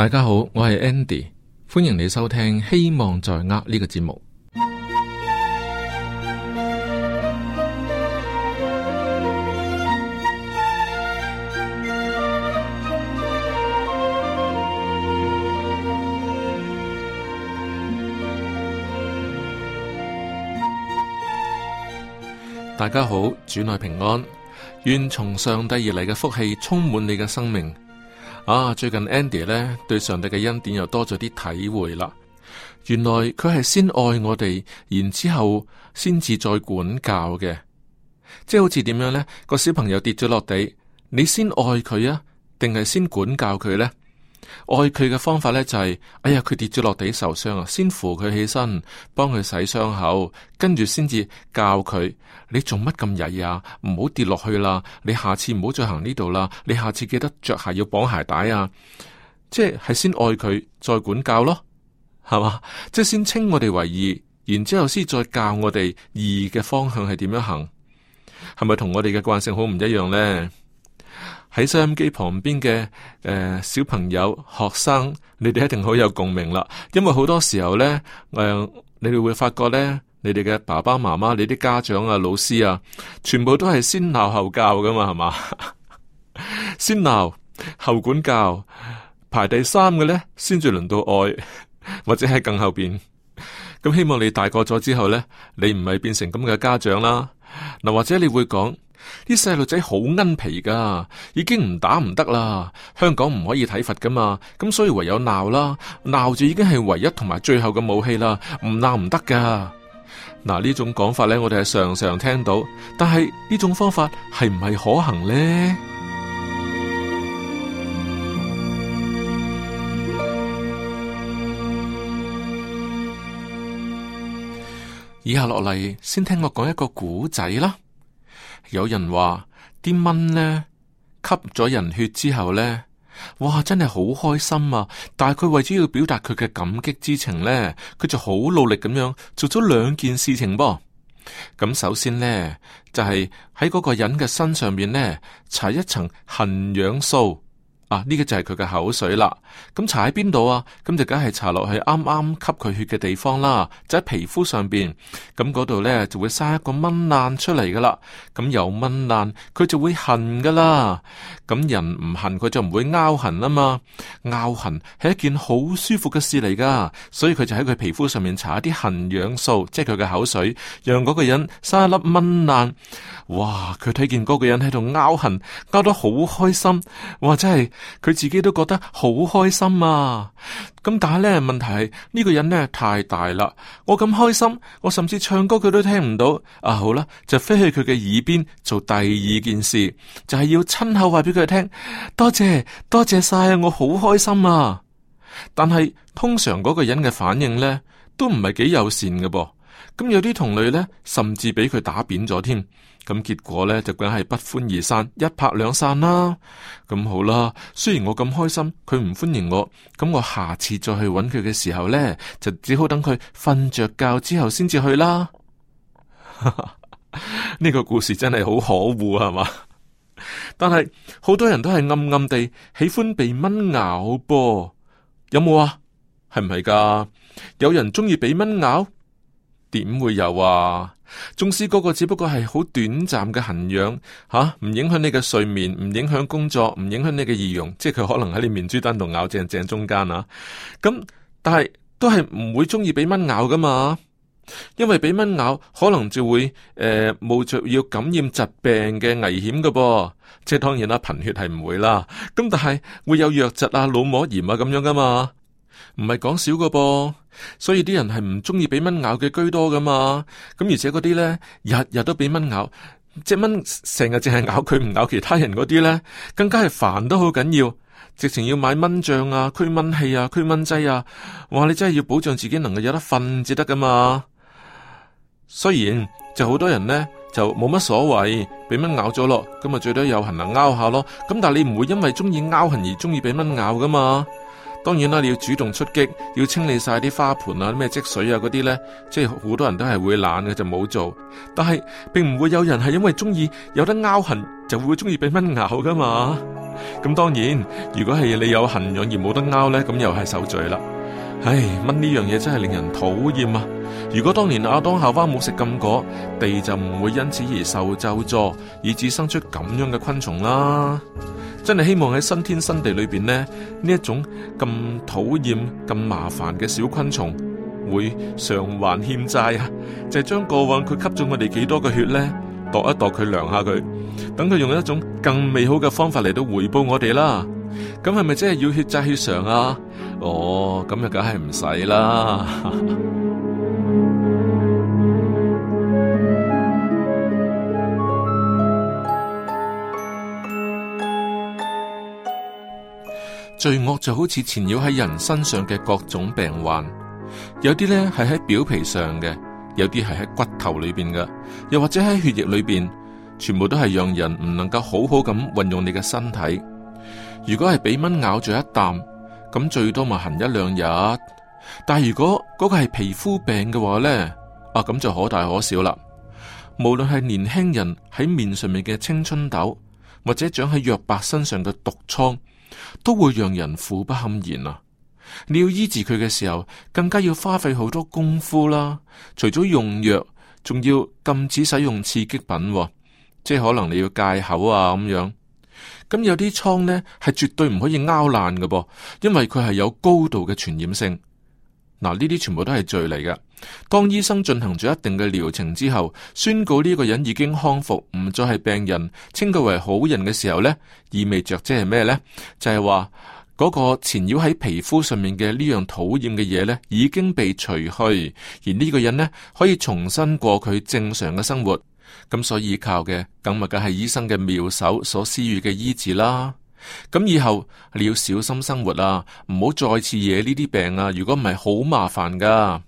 大家好，我係 Andy，歡迎你收聽《希望在握》呢個節目。大家好，主內平安，願從上帝而嚟嘅福氣充滿你嘅生命。啊，最近 Andy 咧對上帝嘅恩典又多咗啲體會啦。原來佢係先愛我哋，然之後先至再管教嘅，即係好似點樣咧？個小朋友跌咗落地，你先愛佢啊，定係先管教佢咧？愛佢嘅方法呢，就係、是，哎呀佢跌咗落地受傷啊，先扶佢起身，幫佢洗傷口，跟住先至教佢，你做乜咁曳啊？唔好跌落去啦，你下次唔好再行呢度啦，你下次記得着鞋要綁鞋帶啊！即係先愛佢再管教咯，係嘛？即係先稱我哋為義，然之後先再教我哋義嘅方向係點樣行，係咪同我哋嘅慣性好唔一樣呢。喺收音機旁邊嘅誒小朋友、學生，你哋一定好有共鳴啦。因為好多時候咧，誒、呃，你哋會發覺咧，你哋嘅爸爸媽媽、你啲家長啊、老師啊，全部都係先鬧後教噶嘛，係嘛？ 先鬧後管教，排第三嘅咧，先至輪到愛，或者喺更後邊。咁 希望你大個咗之後咧，你唔係變成咁嘅家長啦。嗱，或者你會講啲細路仔好恩皮噶，已經唔打唔得啦，香港唔可以體罰噶嘛，咁所以唯有鬧啦，鬧住已經係唯一同埋最後嘅武器啦，唔鬧唔得噶。嗱，呢種講法咧，我哋係常常聽到，但係呢種方法係唔係可行咧？以下落嚟，先聽我講一個古仔啦。有人話啲蚊呢，吸咗人血之後呢，哇，真係好開心啊！但係佢為咗要表達佢嘅感激之情呢，佢就好努力咁樣做咗兩件事情噃。咁首先呢，就係喺嗰個人嘅身上面呢，搽一層痕氧素。啊！呢、這個就係佢嘅口水啦。咁搽喺邊度啊？咁就梗係搽落去啱啱吸佢血嘅地方啦。就喺、是、皮膚上邊。咁嗰度呢，就會生一個蚊爛出嚟噶啦。咁、嗯、有蚊爛，佢就會痕噶啦。咁、嗯、人唔痕，佢就唔會拗痕啊嘛。拗痕係一件好舒服嘅事嚟噶。所以佢就喺佢皮膚上面搽一啲痕癢素，即係佢嘅口水，讓嗰個人生一粒蚊爛。哇！佢睇見嗰個人喺度拗痕，拗得好開心。哇！真係～佢自己都覺得好開心啊！咁但係咧，問題係呢個人咧太大啦。我咁開心，我甚至唱歌佢都聽唔到。啊好啦，就飛去佢嘅耳邊做第二件事，就係要親口話俾佢聽，多謝多謝晒，啊！我好開心啊！但係通常嗰個人嘅反應咧，都唔係幾友善嘅噃。咁、嗯、有啲同類呢，甚至俾佢打扁咗添。咁、嗯、結果呢，就梗係不歡而散，一拍兩散啦。咁、嗯、好啦，雖然我咁開心，佢唔歡迎我，咁、嗯、我下次再去揾佢嘅時候呢，就只好等佢瞓着覺之後先至去啦。呢 個故事真係好可惡係嘛？但係好多人都係暗暗地喜歡被蚊咬噃，有冇啊？係唔係噶？有人中意俾蚊咬？點會有啊？縱使嗰個只不過係好短暫嘅痕癢吓，唔、啊、影響你嘅睡眠，唔影響工作，唔影響你嘅儀容，即係佢可能喺你面珠墩度咬正正中間啊。咁、嗯、但係都係唔會中意俾蚊咬噶嘛，因為俾蚊咬可能就會誒、呃、冒着要感染疾病嘅危險噶噃。即係當然啦，貧血係唔會啦。咁、嗯、但係會有瘧疾啊、腦膜炎啊咁樣噶嘛。唔係講少個噃，所以啲人係唔中意俾蚊咬嘅居多噶嘛。咁而且嗰啲咧日日都俾蚊咬，蚊隻蚊成日淨係咬佢唔咬其他人嗰啲咧，更加係煩都好緊要。直情要買蚊帳啊、驅蚊器啊、驅蚊劑啊。我話你真係要保障自己能夠有得瞓至得噶嘛。雖然就好多人咧就冇乜所謂，俾蚊咬咗咯，咁啊最多有痕能撓下咯。咁但係你唔會因為中意撓痕而中意俾蚊咬噶嘛。當然啦，你要主動出擊，要清理晒啲花盆啊、咩積水啊嗰啲呢，即係好多人都係會懶嘅就冇做。但係並唔會有人係因為中意有得咬痕，就會中意畀蚊咬噶嘛。咁當然，如果係你有痕癢而冇得咬呢，咁又係受罪啦。唉，蚊呢樣嘢真係令人討厭啊！如果當年阿當夏娃冇食禁果，地就唔會因此而受咒詛，以致生出咁樣嘅昆蟲啦、啊。真係希望喺新天新地裏邊呢，呢一種咁討厭、咁麻煩嘅小昆蟲會償還欠債啊！就係、將過往佢吸咗我哋幾多嘅血呢？度一度佢量，量下佢，等佢用一種更美好嘅方法嚟到回報我哋啦。咁係咪真係要血債血償啊？哦，咁就梗係唔使啦。哈哈罪惡就好似纏繞喺人身上嘅各種病患，有啲呢係喺表皮上嘅，有啲係喺骨頭裏邊嘅，又或者喺血液裏邊，全部都係讓人唔能夠好好咁運用你嘅身體。如果係俾蚊咬咗一啖，咁最多咪痕一兩日。但係如果嗰個係皮膚病嘅話呢，啊咁就可大可小啦。無論係年輕人喺面上面嘅青春痘，或者長喺弱伯身上嘅毒瘡。都會讓人苦不堪言啊！你要醫治佢嘅時候，更加要花費好多功夫啦。除咗用藥，仲要禁止使用刺激品，哦，即係可能你要戒口啊咁樣。咁有啲瘡呢，係絕對唔可以咬爛嘅噃，因為佢係有高度嘅傳染性。嗱，呢啲全部都係罪嚟嘅。當醫生進行咗一定嘅療程之後，宣告呢個人已經康復，唔再係病人，稱佢為好人嘅時候呢，意味着即係咩呢？就係話嗰個纏繞喺皮膚上面嘅呢樣討厭嘅嘢呢，已經被除去，而呢個人呢，可以重新過佢正常嘅生活。咁所以靠嘅，咁咪梗係醫生嘅妙手所施予嘅醫治啦。咁以後你要小心生活啦，啊，唔好再次惹呢啲病啊。如果唔係，好麻煩噶。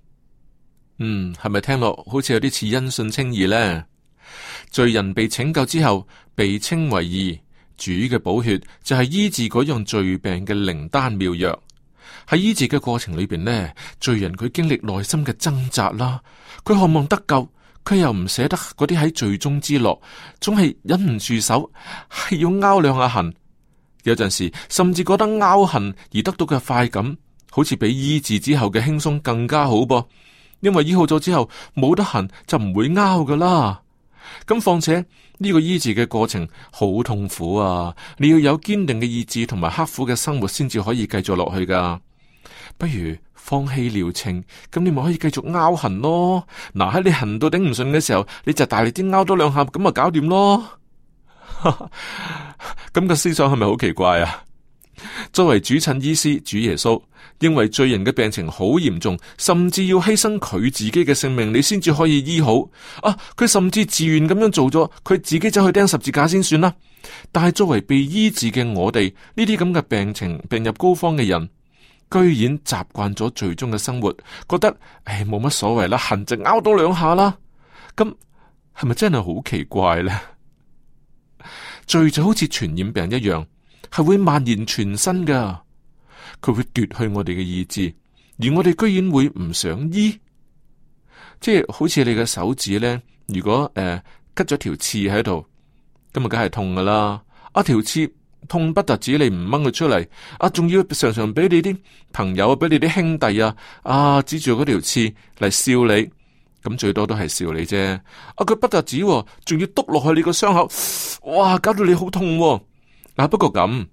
嗯，係咪聽落好似有啲似因信稱義呢？罪人被拯救之後，被稱為義，主嘅寶血就係醫治嗰樣罪病嘅靈丹妙藥。喺醫治嘅過程裏邊呢，罪人佢經歷內心嘅掙扎啦，佢渴望得救，佢又唔捨得嗰啲喺罪中之樂，總係忍唔住手，係要拗兩下痕。有陣時甚至覺得拗痕而得到嘅快感，好似比醫治之後嘅輕鬆更加好噃、啊，因為醫好咗之後冇得痕就唔會拗噶啦。咁況且呢個醫治嘅過程好痛苦啊！你要有堅定嘅意志同埋刻苦嘅生活先至可以繼續落去噶。不如放棄療程，咁你咪可以繼續拗痕咯。嗱，喺你痕到頂唔順嘅時候，你就大力啲拗多兩下，咁咪搞掂咯。咁個 思想係咪好奇怪啊？作為主診醫師主耶穌認為罪人嘅病情好嚴重，甚至要犧牲佢自己嘅性命，你先至可以醫好啊！佢甚至自願咁樣做咗，佢自己走去釘十字架先算啦。但係作為被醫治嘅我哋呢啲咁嘅病情病入膏肓嘅人，居然習慣咗最終嘅生活，覺得唉，冇乜所謂啦，行直拗多兩下啦。咁係咪真係好奇怪呢？罪就好似傳染病一樣，係會蔓延全身噶。佢會奪去我哋嘅意志，而我哋居然會唔想醫，即係好似你嘅手指咧。如果誒拮咗條刺喺度，咁啊梗係痛噶啦。啊條刺痛不特止你唔掹佢出嚟，啊仲要常常俾你啲朋友、啊，俾你啲兄弟啊啊指住嗰條刺嚟笑你。咁最多都係笑你啫，啊，佢不特止，啊，仲要督落去你個傷口，哇，搞到你好痛，啊，嗱不過咁，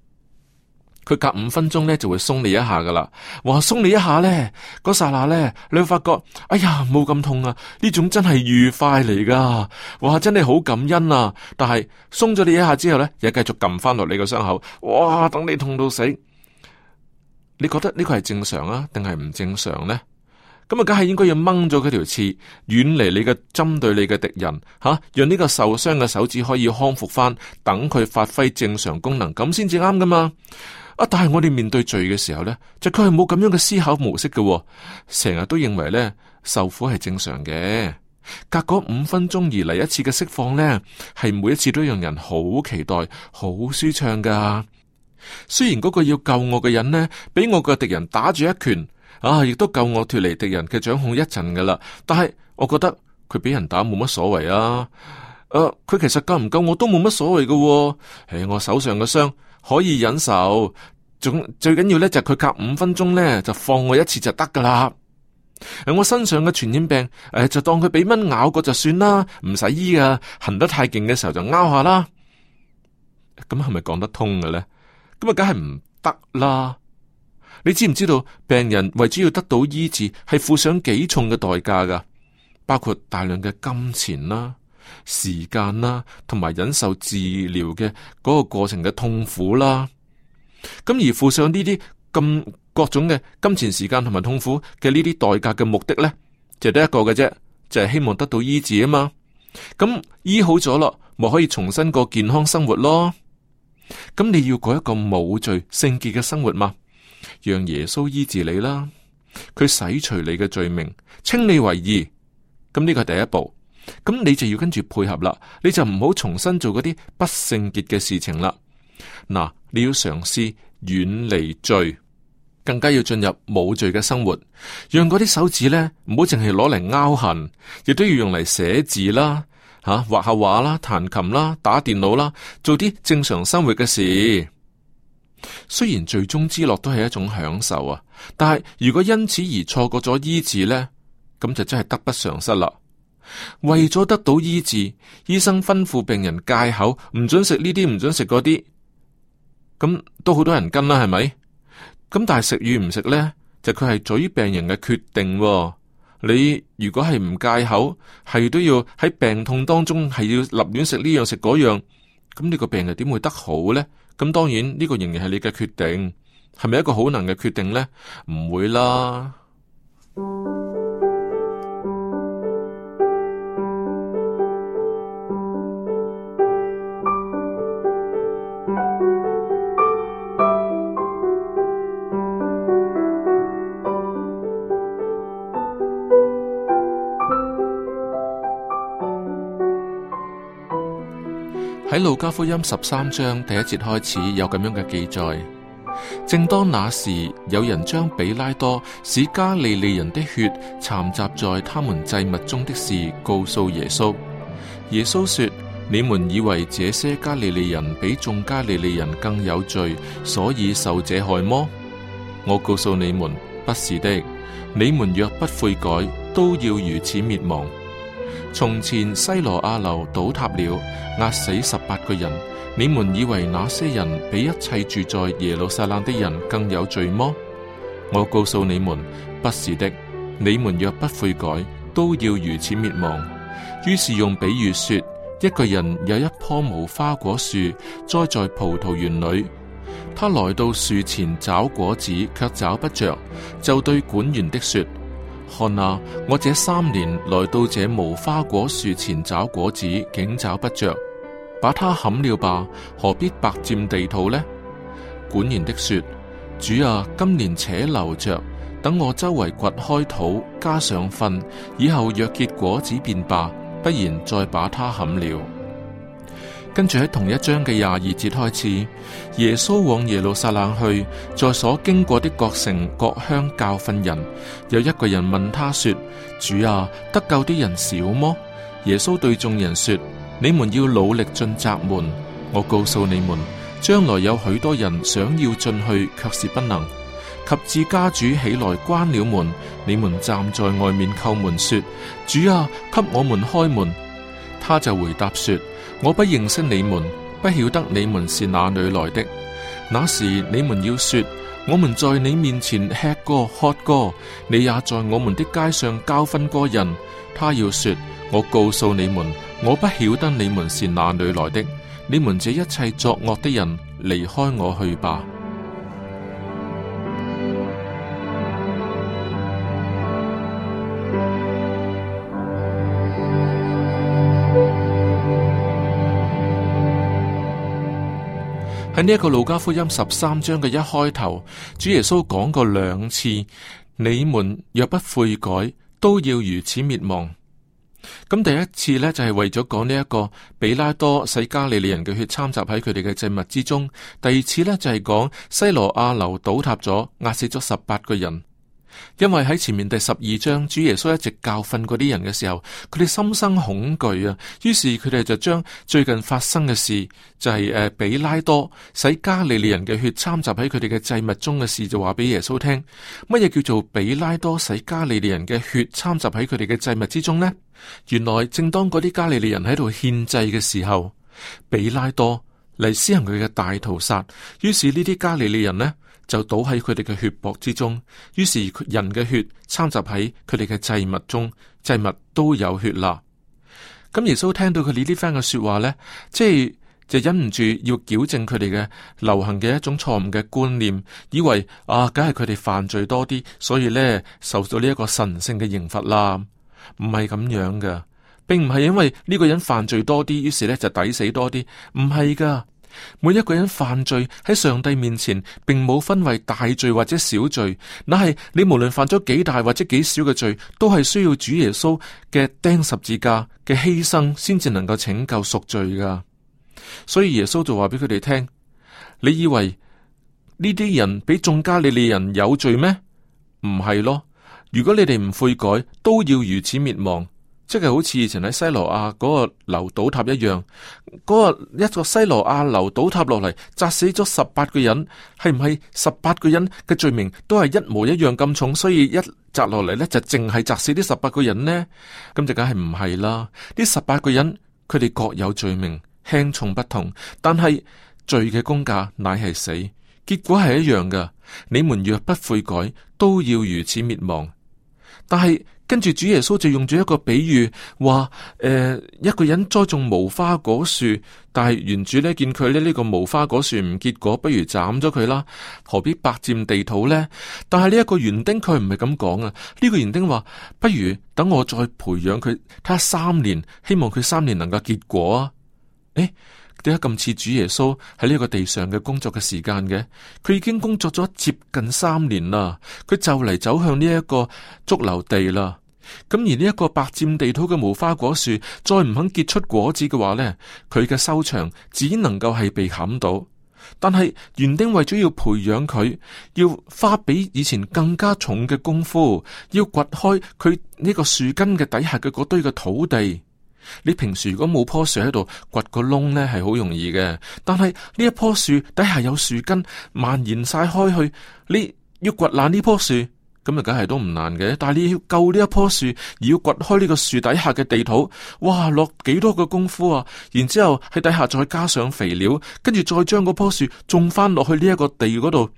佢隔五分鐘咧就會鬆你一下噶啦哇，鬆你一下咧，嗰剎那咧你會發覺，哎呀冇咁痛啊，呢種真係愉快嚟噶哇真係好感恩啊，但係鬆咗你一下之後咧，又繼續撳翻落你個傷口，哇等你痛到死，你覺得呢個係正常啊，定係唔正常咧？咁啊，梗係應該要掹咗佢條刺，遠離你嘅針對你嘅敵人吓，讓呢個受傷嘅手指可以康復翻，等佢發揮正常功能，咁先至啱噶嘛。啊，但係我哋面對罪嘅時候呢，就佢係冇咁樣嘅思考模式嘅，哦，成日都認為呢，受苦係正常嘅，隔嗰五分鐘而嚟一次嘅釋放呢，係每一次都讓人好期待、好舒暢噶。雖然嗰個要救我嘅人呢，俾我個敵人打住一拳。啊！亦都救我脫離敵人嘅掌控一陣噶啦，但係我覺得佢俾人打冇乜所謂啊。誒、啊，佢其實救唔救我都冇乜所謂噶、啊。誒、哎，我手上嘅傷可以忍受，仲最緊要咧就係佢隔五分鐘咧就放我一次就得噶啦。我身上嘅傳染病誒、哎、就當佢俾蚊咬過就算啦，唔使醫噶、啊。行得太勁嘅時候就拗下啦。咁係咪講得通嘅咧？咁啊，梗係唔得啦。你知唔知道，病人為咗要得到醫治，係付上幾重嘅代價噶？包括大量嘅金錢啦、時間啦，同埋忍受治療嘅嗰個過程嘅痛苦啦。咁而付上呢啲咁各種嘅金錢、時間同埋痛苦嘅呢啲代價嘅目的咧，就係得一個嘅啫，就係、是、希望得到醫治啊嘛。咁、嗯、醫好咗咯，咪可以重新過健康生活咯。咁、嗯、你要過一個冇罪聖潔嘅生活嘛？讓耶穌醫治你啦，佢洗除你嘅罪名，稱你為義，咁呢個係第一步，咁你就要跟住配合啦，你就唔好重新做嗰啲不聖潔嘅事情啦。嗱，你要嘗試遠離罪，更加要進入冇罪嘅生活，讓嗰啲手指咧，唔好淨係攞嚟勾痕，亦都要用嚟寫字啦，吓、啊、畫下畫啦，彈琴啦，打電腦啦，做啲正常生活嘅事。雖然最終之樂都係一種享受啊，但係如果因此而錯過咗醫治呢，咁就真係得不償失啦。為咗得到醫治，醫生吩咐病人戒口，唔准食呢啲，唔准食嗰啲，咁都好多人跟啦，係咪？咁但係食與唔食呢，就佢係在於病人嘅決定啊。你如果係唔戒口，係都要喺病痛當中係要立亂食呢樣食嗰樣，咁你個病又點會得好呢？咁當然呢、這個仍然係你嘅決定，係咪一個好難嘅決定呢？唔會啦。喺路加福音十三章第一節開始有咁樣嘅記載。正當那時，有人將彼拉多使加利利人的血摻雜在他們祭物中的事告訴耶穌。耶穌說：你們以為這些加利利人比眾加利利人更有罪，所以受這害麼？我告訴你們，不是的。你們若不悔改，都要如此滅亡。從前西羅亞樓倒塌了，壓死十八個人。你們以為那些人比一切住在耶路撒冷的人更有罪麼？我告訴你們，不是的。你們若不悔改，都要如此滅亡。於是用比喻說：一個人有一棵無花果樹栽在葡萄園裏，他來到樹前找果子，却找不着，就對管園的說。看啊！我這三年來到這無花果樹前找果子，竟找不着，把它砍了吧，何必白佔地土呢？管園的說，主啊，今年且留着，等我周圍掘開土，加上糞，以後若結果子便罷，不然再把它砍了。跟住喺同一章嘅廿二節開始，耶穌往耶路撒冷去，在所經過的各城各鄉教訓人。有一個人問他說：主啊，得救的人少麼？耶穌對眾人說：你們要努力進窄門。我告訴你們，將來有許多人想要進去，卻是不能。及至家主起來關了門，你們站在外面叩門說：主啊，給我們開門。他就回答說。我不認識你們，不曉得你們是哪裏來的。那時你們要說，我們在你面前吃過喝過，你也在我們的街上教訓過人。他要說，我告訴你們，我不曉得你們是哪裏來的。你們這一切作惡的人，離開我去吧。喺呢一個《路加福音》十三章嘅一開頭，主耶穌講過兩次：你們若不悔改，都要如此滅亡。咁第一次呢，就係為咗講呢一個比拉多使加利利人嘅血摻雜喺佢哋嘅祭物之中；第二次呢，就係講西羅亞樓倒塌咗，壓死咗十八個人。因為喺前面第十二章，主耶穌一直教訓嗰啲人嘅時候，佢哋心生恐懼啊，於是佢哋就將最近發生嘅事，就係、是、誒、呃、比拉多使加利利人嘅血摻雜喺佢哋嘅祭物中嘅事，就話俾耶穌聽。乜嘢叫做比拉多使加利利人嘅血摻雜喺佢哋嘅祭物之中呢？原來正當嗰啲加利利人喺度獻祭嘅時候，比拉多嚟施行佢嘅大屠殺，於是呢啲加利利人呢，就倒喺佢哋嘅血泊之中，於是人嘅血摻雜喺佢哋嘅祭物中，祭物都有血啦。咁耶穌聽到佢呢番嘅說話呢，即係就忍唔住要矯正佢哋嘅流行嘅一種錯誤嘅觀念，以為啊，梗係佢哋犯罪多啲，所以呢，受到呢一個神聖嘅刑罰啦。唔係咁樣噶，並唔係因為呢個人犯罪多啲，於是呢就抵死多啲，唔係噶。每一個人犯罪喺上帝面前，並冇分為大罪或者小罪，那係你無論犯咗幾大或者幾少嘅罪，都係需要主耶穌嘅釘十字架嘅犧牲，先至能夠拯救贖罪噶。所以耶穌就話俾佢哋聽：你以為呢啲人比眾加利利人有罪咩？唔係咯，如果你哋唔悔改，都要如此滅亡。即係好似以前喺西羅亞嗰個樓倒塌一樣，嗰個一個西羅亞樓倒塌落嚟，砸死咗十八個人，係唔係十八個人嘅罪名都係一模一樣咁重？所以一砸落嚟呢，就淨係砸死呢十八個人呢？咁就梗係唔係啦。呢十八個人佢哋各有罪名，輕重不同，但係罪嘅工價乃係死，結果係一樣噶。你們若不悔改，都要如此滅亡。但係。跟住主耶穌就用咗一個比喻，話，誒、呃，一個人栽種無花果樹，但係園主咧見佢咧呢、這個無花果樹唔結果，不如斬咗佢啦，何必白占地土呢？但係呢一個園丁佢唔係咁講啊，呢、這個園丁話，不如等我再培養佢，睇下三年，希望佢三年能夠結果啊。誒。點解咁似主耶穌喺呢一個地上嘅工作嘅時間嘅？佢已經工作咗接近三年啦，佢就嚟走向呢一個足留地啦。咁而呢一個白佔地土嘅無花果樹，再唔肯結出果子嘅話呢，佢嘅收場只能夠係被砍到。但係園丁為咗要培養佢，要花比以前更加重嘅功夫，要掘開佢呢個樹根嘅底下嘅嗰堆嘅土地。你平時如果冇棵樹喺度掘個窿呢，係好容易嘅。但係呢一棵樹底下有樹根蔓延晒開去，你要掘爛呢棵樹，咁啊，梗係都唔難嘅。但係你要救呢一棵樹，而要掘開呢個樹底下嘅地土，哇，落幾多個功夫啊！然之後喺底下再加上肥料，跟住再將嗰棵樹種翻落去呢一個地嗰度，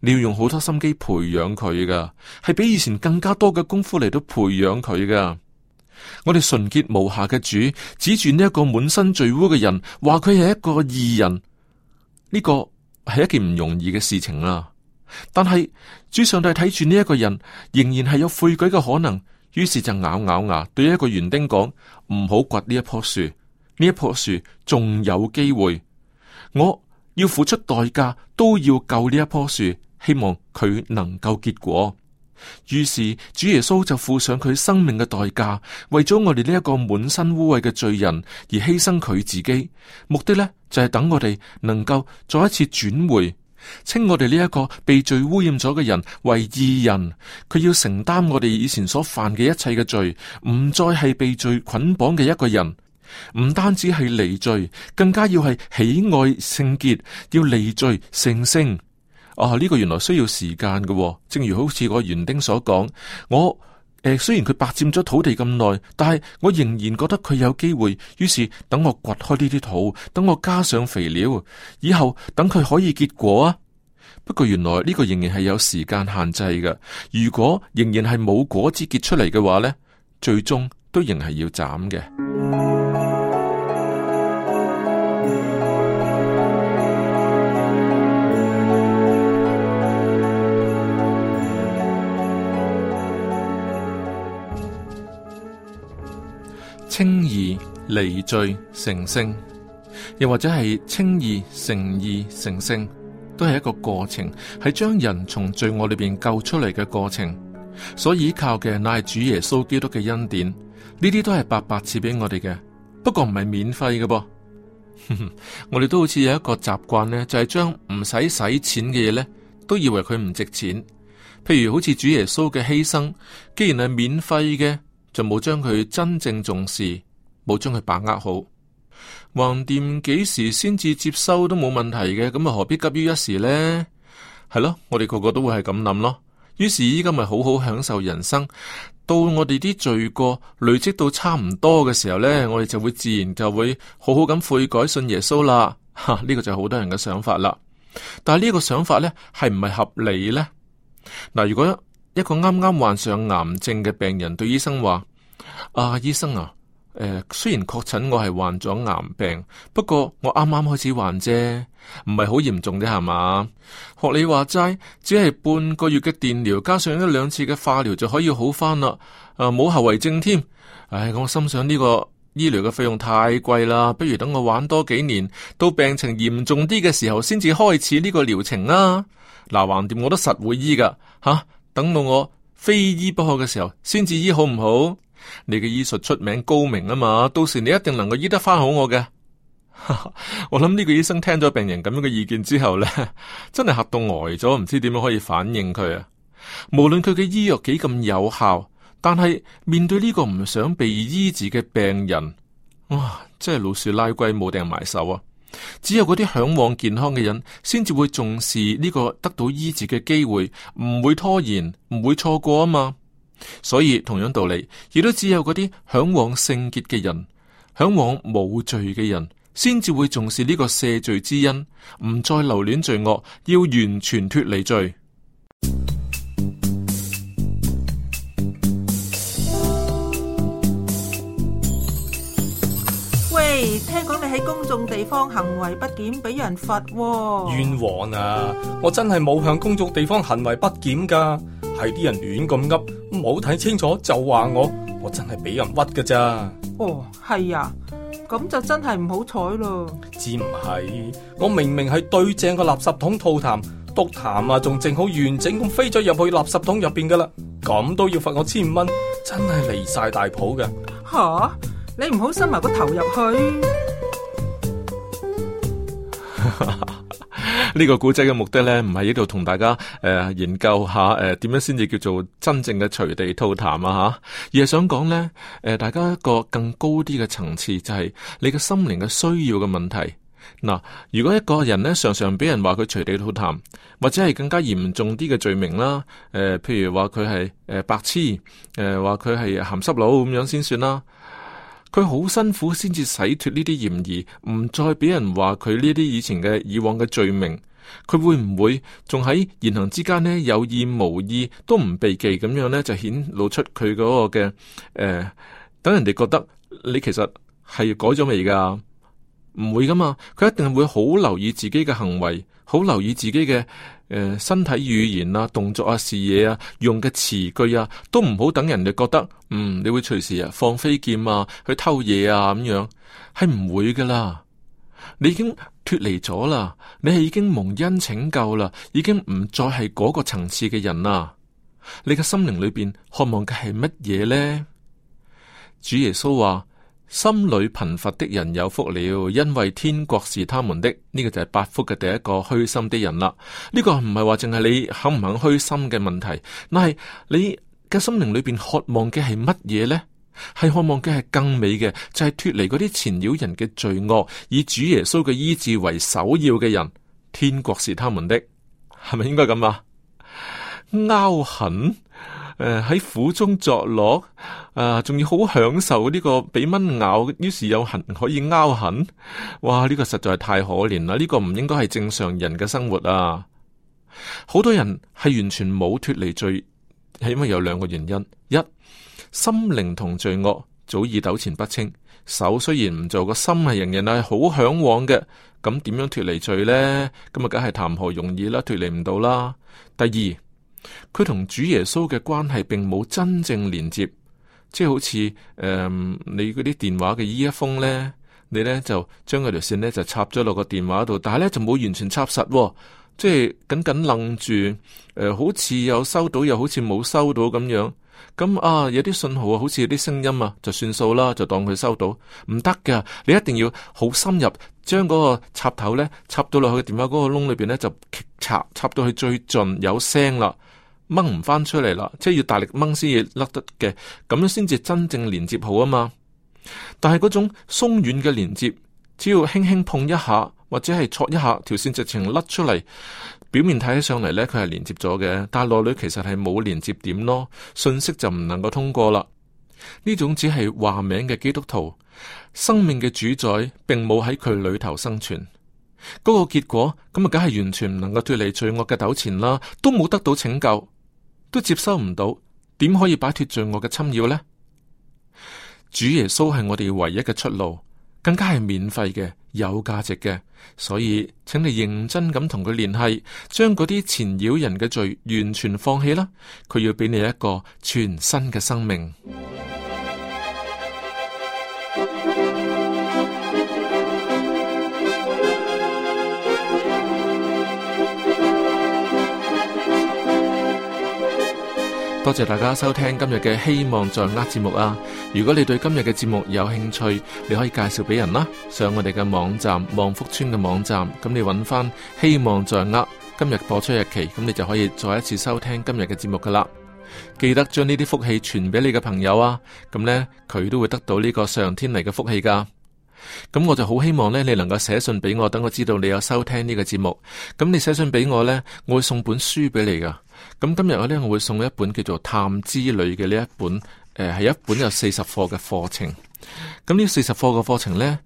你要用好多心機培養佢噶，係比以前更加多嘅功夫嚟到培養佢噶。我哋純潔無瑕嘅主指住呢一個滿身罪污嘅人，話佢係一個義人，呢、這個係一件唔容易嘅事情啦。但係主上帝睇住呢一個人，仍然係有悔改嘅可能，於是就咬咬牙，對一個園丁講：唔好掘呢一棵樹，呢一棵樹仲有機會，我要付出代價都要救呢一棵樹，希望佢能夠結果。於是主耶穌就付上佢生命嘅代價，為咗我哋呢一個滿身污穢嘅罪人而犧牲佢自己，目的呢，就係等我哋能夠再一次轉回，稱我哋呢一個被罪污染咗嘅人為義人，佢要承擔我哋以前所犯嘅一切嘅罪，唔再係被罪捆綁嘅一個人，唔單止係離罪，更加要係喜愛聖潔，要離罪成聖。啊！呢、哦呢個原來需要時間嘅。哦，正如好似我園丁所講，我誒、呃、雖然佢白佔咗土地咁耐，但係我仍然覺得佢有機會。於是等我掘開呢啲土，等我加上肥料，以後等佢可以結果啊！不過原來呢個仍然係有時間限制嘅。如果仍然係冇果子結出嚟嘅話呢，最終都仍係要斬嘅。清義離罪成聖，又或者係清義成意成聖，都係一個過程，係將人從罪惡裏邊救出嚟嘅過程。所依靠嘅乃係主耶穌基督嘅恩典，呢啲都係白白賜俾我哋嘅。不過唔係免費嘅噃， 我哋都好似有一個習慣，呢就係、是、將唔使使錢嘅嘢呢，都以為佢唔值錢。譬如好似主耶穌嘅犧牲，既然係免費嘅。就冇將佢真正重視，冇將佢把握好。橫掂幾時先至接收都冇問題嘅，咁啊何必急於一時呢？係咯，我哋個個都會係咁諗咯。於是依家咪好好享受人生，到我哋啲罪過累積到差唔多嘅時候呢，我哋就會自然就會好好咁悔改信耶穌啦。吓，呢個就係好多人嘅想法啦。但係呢個想法呢，係唔係合理呢？嗱，如果一個啱啱患上癌症嘅病人對醫生話：啊，醫生啊，誒、呃，雖然確診我係患咗癌病，不過我啱啱開始患啫，唔係好嚴重啫，係嘛？學你話齋，只係半個月嘅電療，加上一兩次嘅化療就可以好翻啦，誒、啊，冇後遺症添。唉，我心想呢個醫療嘅費用太貴啦，不如等我玩多幾年，到病情嚴重啲嘅時候先至開始呢個療程啊。嗱、啊，橫掂我都實會醫噶，吓、啊。等到我非醫不可嘅時候，先至醫好唔好？你嘅醫術出名高明啊嘛，到時你一定能夠醫得翻好我嘅。 我諗呢個醫生聽咗病人咁樣嘅意見之後呢， 真係吓到呆咗，唔知點樣可以反應佢啊。無論佢嘅醫藥幾咁有效，但係面對呢個唔想被醫治嘅病人，哇，真係老鼠拉龜冇定埋手啊！只有嗰啲向往健康嘅人，先至會重視呢個得到醫治嘅機會，唔會拖延，唔會錯過啊嘛。所以同樣道理，亦都只有嗰啲向往聖潔嘅人，向往冇罪嘅人，先至會重視呢個赦罪之恩，唔再留戀罪惡，要完全脫離罪。聽講你喺公眾地方行為不檢，俾人罰哦。冤枉啊！我真係冇向公眾地方行為不檢噶，係啲人亂咁噏，冇睇清楚就話我，我真係俾人屈噶咋？哦，係啊，咁就真係唔好彩咯。知唔係，我明明係對正個垃圾桶吐痰，督痰啊，仲正好完整咁飛咗入去垃圾桶入邊噶啦，咁都要罰我千五蚊，真係離晒大譜嘅。吓！你唔好伸埋個頭入去。呢個古仔嘅目的呢，唔係喺度同大家誒、呃、研究下誒、點、呃、樣先至叫做真正嘅隨地吐痰啊吓、啊，而係想講呢，誒、呃、大家一個更高啲嘅層次，就係、是、你嘅心靈嘅需要嘅問題。嗱、呃，如果一個人呢，常常俾人話佢隨地吐痰，或者係更加嚴重啲嘅罪名啦，誒、呃、譬如話佢係誒白痴，誒話佢係鹹濕佬咁樣先算啦。佢好辛苦先至洗脫呢啲嫌疑，唔再俾人話佢呢啲以前嘅、以往嘅罪名。佢會唔會仲喺言行之間咧，有意無意都唔避忌咁樣呢？就顯露出佢嗰個嘅誒、呃，等人哋覺得你其實係改咗未噶？唔會噶嘛，佢一定會好留意自己嘅行為，好留意自己嘅。誒、呃，身體語言啊，動作啊，視野啊，用嘅詞句啊，都唔好等人哋覺得，嗯，你會隨時啊放飛劍啊，去偷嘢啊咁樣，係唔會噶啦，你已經脫離咗啦，你係已經蒙恩拯救啦，已經唔再係嗰個層次嘅人啦，你嘅心靈裏邊渴望嘅係乜嘢呢？主耶穌話。心裏貧乏的人有福了，因為天國是他們的。呢個就係八福嘅第一個虛心的人啦。呢個唔係話淨係你肯唔肯虛心嘅問題，但係你嘅心靈裏邊渴望嘅係乜嘢呢？係渴望嘅係更美嘅，就係脫離嗰啲纏繞人嘅罪惡，以主耶穌嘅醫治為首要嘅人。天國是他們的，係咪應該咁啊？拗狠！誒，喺苦、呃、中作樂，啊、呃，仲要好享受呢個俾蚊咬，於是有痕可以拗痕，哇！呢個實在係太可憐啦，呢個唔應該係正常人嘅生活啊！好多人係完全冇脫離罪，起碼有兩個原因：一心靈同罪惡早已糾纏不清，手雖然唔做，個心係仍然係好向往嘅。咁點樣脫離罪呢？咁啊，梗係談何容易啦，脫離唔到啦。第二。佢同主耶穌嘅關係並冇真正連接，即係好似誒、呃，你嗰啲電話嘅依一封呢，你呢就將嗰條線呢就插咗落個電話度，但係呢就冇完全插實、哦，即係緊緊楞住，誒、呃，好似有收到，又好似冇收到咁樣。咁、嗯、啊，有啲信號啊，好似有啲聲音啊，就算數啦，就當佢收到，唔得㗎，你一定要好深入，將嗰個插頭呢插到落去嘅電話嗰個窿裏邊呢，就插插到去最盡有聲啦。掹唔翻出嚟啦，即係要大力掹先至甩得嘅，咁樣先至真正連接好啊嘛。但係嗰種鬆軟嘅連接，只要輕輕碰一下或者係戳一下，條線直情甩出嚟，表面睇起上嚟呢，佢係連接咗嘅，但係內裏其實係冇連接點咯，信息就唔能夠通過啦。呢種只係話名嘅基督徒，生命嘅主宰並冇喺佢裏頭生存，嗰個結果咁啊，梗係完全唔能夠脫離罪惡嘅糾纏啦，都冇得到拯救。都接收唔到，點可以擺脫罪惡嘅侵擾呢？主耶穌係我哋唯一嘅出路，更加係免費嘅、有價值嘅。所以，請你認真咁同佢聯繫，將嗰啲纏繞人嘅罪完全放棄啦。佢要俾你一個全新嘅生命。多謝大家收聽今日嘅希望在握節目啊！如果你對今日嘅節目有興趣，你可以介紹俾人啦。上我哋嘅網站望福村嘅網站，咁你揾翻希望在握今日播出日期，咁你就可以再一次收聽今日嘅節目噶啦。記得將呢啲福氣傳俾你嘅朋友啊！咁呢，佢都會得到呢個上天嚟嘅福氣噶。咁我就好希望呢，你能夠寫信俾我，等我知道你有收聽呢個節目。咁你寫信俾我呢，我會送本書俾你噶。咁今日我咧會送一本叫做《探知類》嘅呢一本，誒、呃、係一本有四十課嘅課程。咁呢四十課嘅課程呢，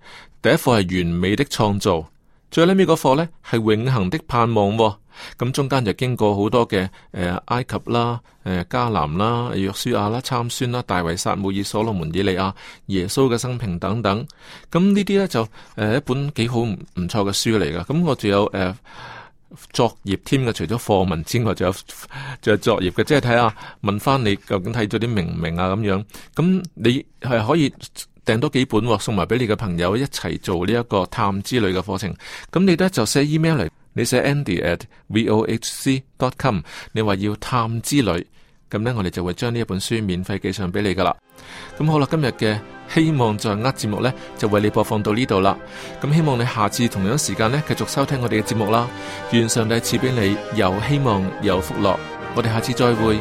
第一課係完美的創造，最屘尾個課呢係永恆的盼望、哦。咁、嗯、中間就經過好多嘅誒、呃、埃及啦、誒、呃、迦南啦、約書亞啦、參孫啦、大衛、撒母耳、所羅門、以利亞、耶穌嘅生平等等。咁呢啲呢，就誒、呃、一本幾好唔錯嘅書嚟噶。咁、嗯、我仲有誒。呃作業添嘅，除咗課文之外，仲有仲有作業嘅，即係睇下問翻你究竟睇咗啲明唔明啊咁樣。咁你係可以訂多幾本送埋俾你嘅朋友一齊做呢一個探之旅嘅課程。咁你咧就寫 email 嚟，你寫 Andy@vohc.com，at 你話要探之旅。咁呢，我哋就會將呢一本書免費寄上俾你噶啦。咁好啦，今日嘅希望在握節目呢，就為你播放到呢度啦。咁希望你下次同樣時間呢，繼續收聽我哋嘅節目啦。願上帝賜俾你，有希望，有福樂。我哋下次再會。